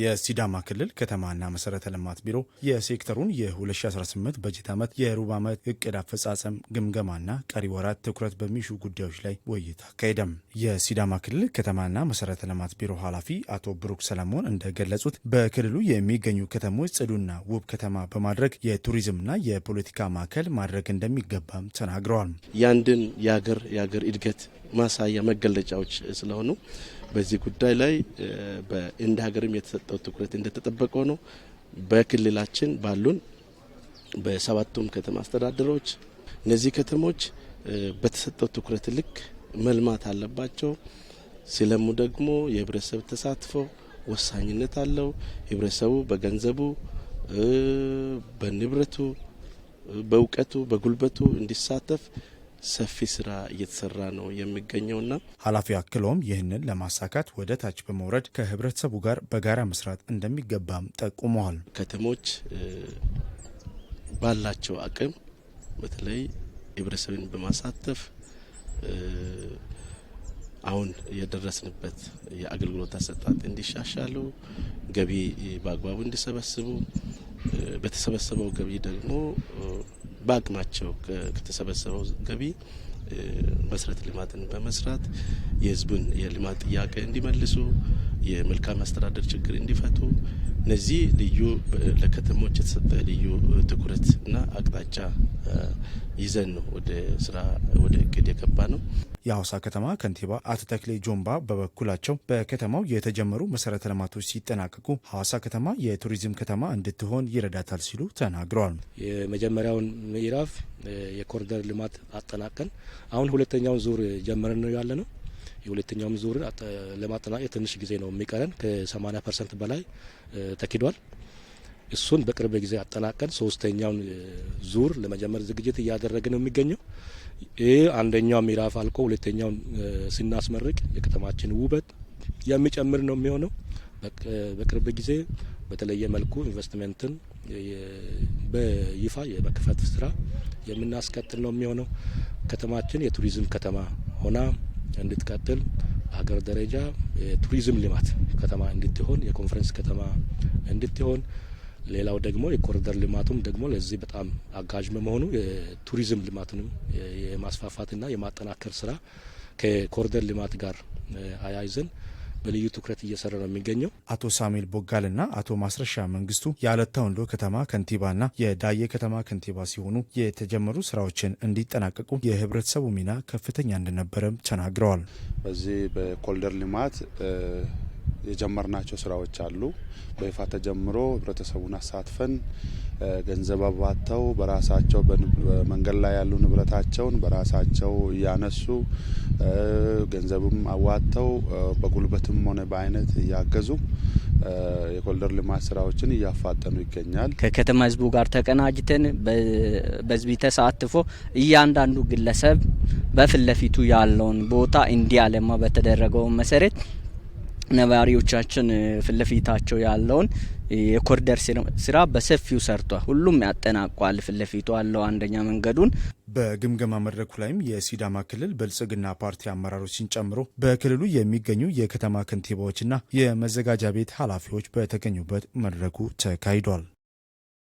የሲዳማ ክልል ከተማና መሰረተ ልማት ቢሮ የሴክተሩን የ2018 በጀት ዓመት የሩብ ዓመት እቅድ አፈጻጸም ግምገማና ቀሪ ወራት ትኩረት በሚሹ ጉዳዮች ላይ ውይይት አካሄደም። የሲዳማ ክልል ከተማና መሰረተ ልማት ቢሮ ኃላፊ አቶ ብሩክ ሰለሞን እንደገለጹት በክልሉ የሚገኙ ከተሞች ጽዱና ውብ ከተማ በማድረግ የቱሪዝምና የፖለቲካ ማዕከል ማድረግ እንደሚገባም ተናግረዋል። ያንድን የአገር የአገር እድገት ማሳያ መገለጫዎች ስለሆኑ በዚህ ጉዳይ ላይ እንደ ሀገርም የተሰጠው ትኩረት እንደተጠበቀው ነው። በክልላችን ባሉን በሰባቱም ከተማ አስተዳደሮች እነዚህ ከተሞች በተሰጠው ትኩረት ልክ መልማት አለባቸው። ሲለሙ ደግሞ የህብረተሰብ ተሳትፎ ወሳኝነት አለው። ህብረተሰቡ በገንዘቡ፣ በንብረቱ፣ በእውቀቱ፣ በጉልበቱ እንዲሳተፍ ሰፊ ስራ እየተሰራ ነው የሚገኘውና ኃላፊው አክለውም ይህንን ለማሳካት ወደ ታች በመውረድ ከህብረተሰቡ ጋር በጋራ መስራት እንደሚገባም ጠቁመዋል። ከተሞች ባላቸው አቅም በተለይ ህብረተሰብን በማሳተፍ አሁን የደረስንበት የአገልግሎት አሰጣጥ እንዲሻሻሉ፣ ገቢ በአግባቡ እንዲሰበስቡ፣ በተሰበሰበው ገቢ ደግሞ በአቅማቸው ከተሰበሰበው ገቢ መሰረተ ልማትን በመስራት የህዝቡን የልማት ጥያቄ እንዲመልሱ፣ የመልካም አስተዳደር ችግር እንዲፈቱ እነዚህ ልዩ ለከተሞች የተሰጠ ልዩ ትኩረት እና አቅጣጫ ይዘን ነው ወደ ስራ ወደ እቅድ የገባ ነው። የሐዋሳ ከተማ ከንቲባ አቶ ተክሌ ጆምባ በበኩላቸው በከተማው የተጀመሩ መሰረተ ልማቶች ሲጠናቀቁ ሐዋሳ ከተማ የቱሪዝም ከተማ እንድትሆን ይረዳታል ሲሉ ተናግረዋል። የመጀመሪያውን ምዕራፍ የኮሪደር ልማት አጠናቀን አሁን ሁለተኛውን ዙር ጀምረን ነው ያለ ነው። የሁለተኛውም ዙርን ለማጠናቀቅ ትንሽ ጊዜ ነው የሚቀረን። ከ80 ፐርሰንት በላይ ተኪዷል። እሱን በቅርብ ጊዜ አጠናቀን ሶስተኛውን ዙር ለመጀመር ዝግጅት እያደረገ ነው የሚገኘው። ይህ አንደኛው ምዕራፍ አልቆ ሁለተኛውን ስናስመርቅ የከተማችን ውበት የሚጨምር ነው የሚሆነው። በቅርብ ጊዜ በተለየ መልኩ ኢንቨስትመንትን በይፋ የመክፈት ስራ የምናስቀጥል ነው የሚሆነው። ከተማችን የቱሪዝም ከተማ ሆና እንድትቀጥል በሀገር ደረጃ የቱሪዝም ልማት ከተማ እንድትሆን የኮንፈረንስ ከተማ እንድትሆን ሌላው ደግሞ የኮሪደር ልማቱም ደግሞ ለዚህ በጣም አጋዥ በመሆኑ የቱሪዝም ልማትንም የማስፋፋትና የማጠናከር ስራ ከኮሪደር ልማት ጋር አያይዘን በልዩ ትኩረት እየሰራ ነው የሚገኘው። አቶ ሳሙኤል ቦጋልና አቶ ማስረሻ መንግስቱ የአለታ ወንዶ ከተማ ከንቲባና የዳዬ ከተማ ከንቲባ ሲሆኑ የተጀመሩ ስራዎችን እንዲጠናቀቁ የህብረተሰቡ ሚና ከፍተኛ እንደነበረም ተናግረዋል። በዚህ በኮልደር ልማት የጀመርናቸው ስራዎች አሉ። በይፋ ተጀምሮ ህብረተሰቡን አሳትፈን ገንዘብ አባተው በራሳቸው መንገድ ላይ ያሉ ንብረታቸውን በራሳቸው እያነሱ ገንዘብም አዋተው በጉልበትም ሆነ በአይነት እያገዙ የኮሪደር ልማት ስራዎችን እያፋጠኑ ይገኛል። ከከተማ ህዝቡ ጋር ተቀናጅተን በዝቢ ተሳትፎ እያንዳንዱ ግለሰብ በፊት ለፊቱ ያለውን ቦታ እንዲያለማ በተደረገው መሰረት ነባሪዎቻችን ፊት ለፊታቸው ያለውን የኮሪደር ስራ በሰፊው ሰርቷል። ሁሉም ያጠናቋል። ፊት ለፊቱ አለው አንደኛ መንገዱን። በግምገማ መድረኩ ላይም የሲዳማ ክልል ብልጽግና ፓርቲ አመራሮችን ጨምሮ በክልሉ የሚገኙ የከተማ ከንቲባዎችና የመዘጋጃ ቤት ኃላፊዎች በተገኙበት መድረኩ ተካሂዷል።